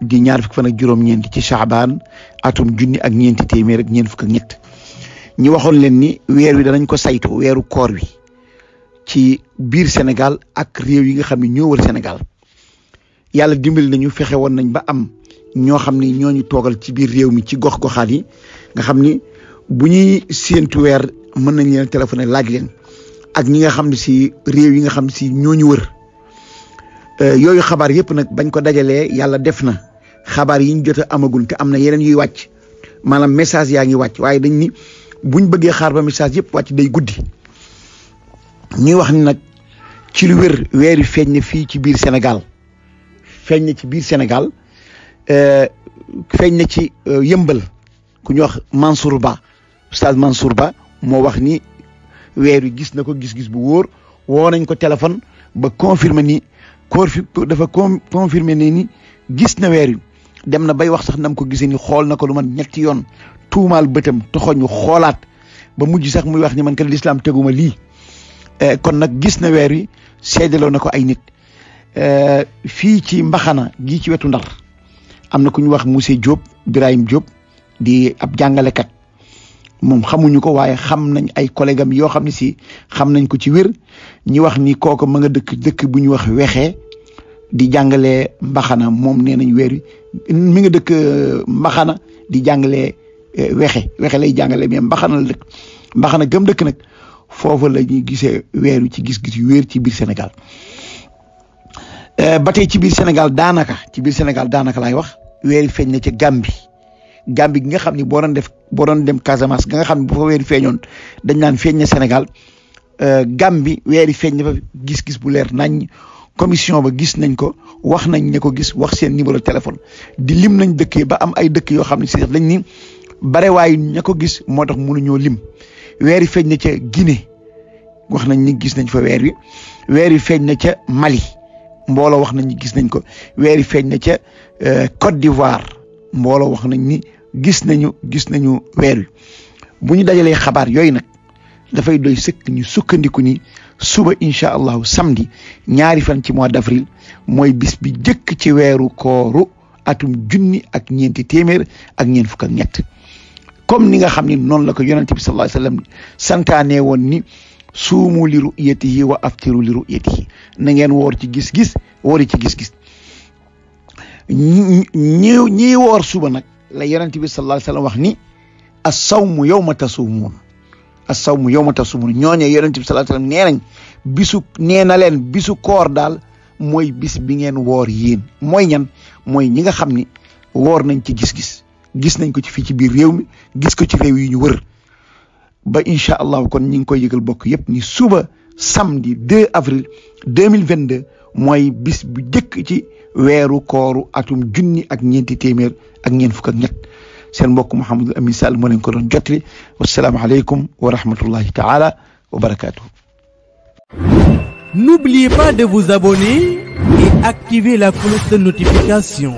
di ñaar fukk fan ak juroom ñent ci Chaabaan atum junni ak ñeenti témer ak ñeent fukk ak ñett ñi waxon len ni wër wi danañ ko saytu wëru koor wi ci biir Sénégal ak réew yi nga xamni ne ñoo wër Sénégal yalla dimbali nañu fexé won nañ ba am ñoo xamni ci biir réew mi ci gox goxal yi nga xamni bu ñuy mën nañ leen téléphoné laaj leen ak ñi nga xamni ci si réew yi nga xamni si ñoo ñu wër euh, yooyu xabaar yépp nag bañ ko dajalee yàlla def xabaar yi ñu jot amagul te am na yeneen yuy wàcc maanaam message yaa ngi wàcc waaye dañ ni buñ bëggee xaar ba message yëpp wàcc day guddi ñuy wax ni nag ci lu wér weeri feeñ na fii ci biir Sénégal feeñ na ci biir Sénégal euh, feeñ na ci euh, yëmbal ku ñu wax Mansour Ba oustaz Mansour Ba moo wax ni weer wi gis na ko gis-gis bu wóor woo nañ ko téléphone ba confirmer ni dafa confirmer ne ni gis na weer wi dem na bay wax sax nam ko gisee ni xool na ko lu man ñetti yoon tuumaal bëtam toxoñu xoolaat ba mujj sax muy wax ni man kat lislaam teguma lii eh, kon nag gis na weer wi seedaloo na ko ay nit eh, fii ci mbaxana gii ci wetu ndar am na ku ñu wax monsieur jóob Birahim Diop di ab jàngalekat moom xamuñu ko waaye xam nañ ay collègue yoo xam ne si xam nañ ko ci wér ñi wax ni kooku ma nga dëkk dëkk bu ñu wax wexee di jàngalee mbaxana moom nee nañ weer mi nga dëkk euh, mbaxana di jàngalee euh, wexe wexe lay jàngalee mais mbaxana la dëkk mbaxana gëm dëkk nag foofu la ñuy gisee weer ci gis-gis yu wéer ci biir Sénégal euh, ba tey ci biir Sénégal daanaka ci biir Sénégal daanaka laay wax weer wi feeñ na ca Gàmbi Gàmbi gi nga xam ni boo doon def boo doon dem Casamance ga nga xam ne bu fa weer wi feeñoon dañ naan feeñ na Sénégal Gàmbi weer wi feeñ na fa gis-gis bu leer nañ commission ba gis nañ ko wax nañ ña ko gis wax seen numéro téléphone di lim nañ dëkk yi ba am ay dëkk yoo xam ne si dañ ni waaye ña ko gis moo tax mënuñoo lim weer yi feeñ na ca Guinée wax nañ ni gis nañ fa weer wi weer yi feeñ na ca Mali mbooloo wax nañ ni gis nañ ko weer yi feeñ na ca euh, Côte d'Ivoire mbooloo wax nañ ni gis nañu gis nañu weer wi bu ñu dajalee xabaar yooyu nag dafay doy sëkk ñu sukkandiku ni suba incha allahu samedi ñaari fan ci mois d' avril mooy bis bi jëkk ci weeru kooru atum junni ak ñeenti téeméer ak ñeent fukk ñett comme ni nga xam ne noonu la ko yonente bi sallallahu alayhi wasallam santaane woon ni suumu li ru'yatihi wa aftiru li ru'yatihi na ngeen woor ci gis-gis woori ci gis-gis ñi woor suba nag la yonente bi sallallahu alayhi wasallam wax ni yow sawmu yawma tasumuun as-sawmu yawma tasumun ñooñe yonent bi sallallahu alayhi wasallam nee nañ bisu nee na leen bisu koor daal mooy bis bi ngeen woor yéen mooy ñan mooy ñi nga xam ni woor nañ ci gis-gis gis nañ ko ci fii ci biir réew mi gis ko ci réew yi ñu wër ba incha allah kon ñi ngi koy yëgal bokk yépp ni suba samedi 2 avril 2022 mooy bis bu jëkk ci weeru kooru atum junni ak ñeenti téeméer ak ñeent fukk ak ñett seen mbokk Mouhamadul Amin Sall moo leen ko doon jotli wasalaamualeykum wa rahmatullahi taala wa barakaatu. N'oubliez pas de vous abonner et activer la cloche de notification.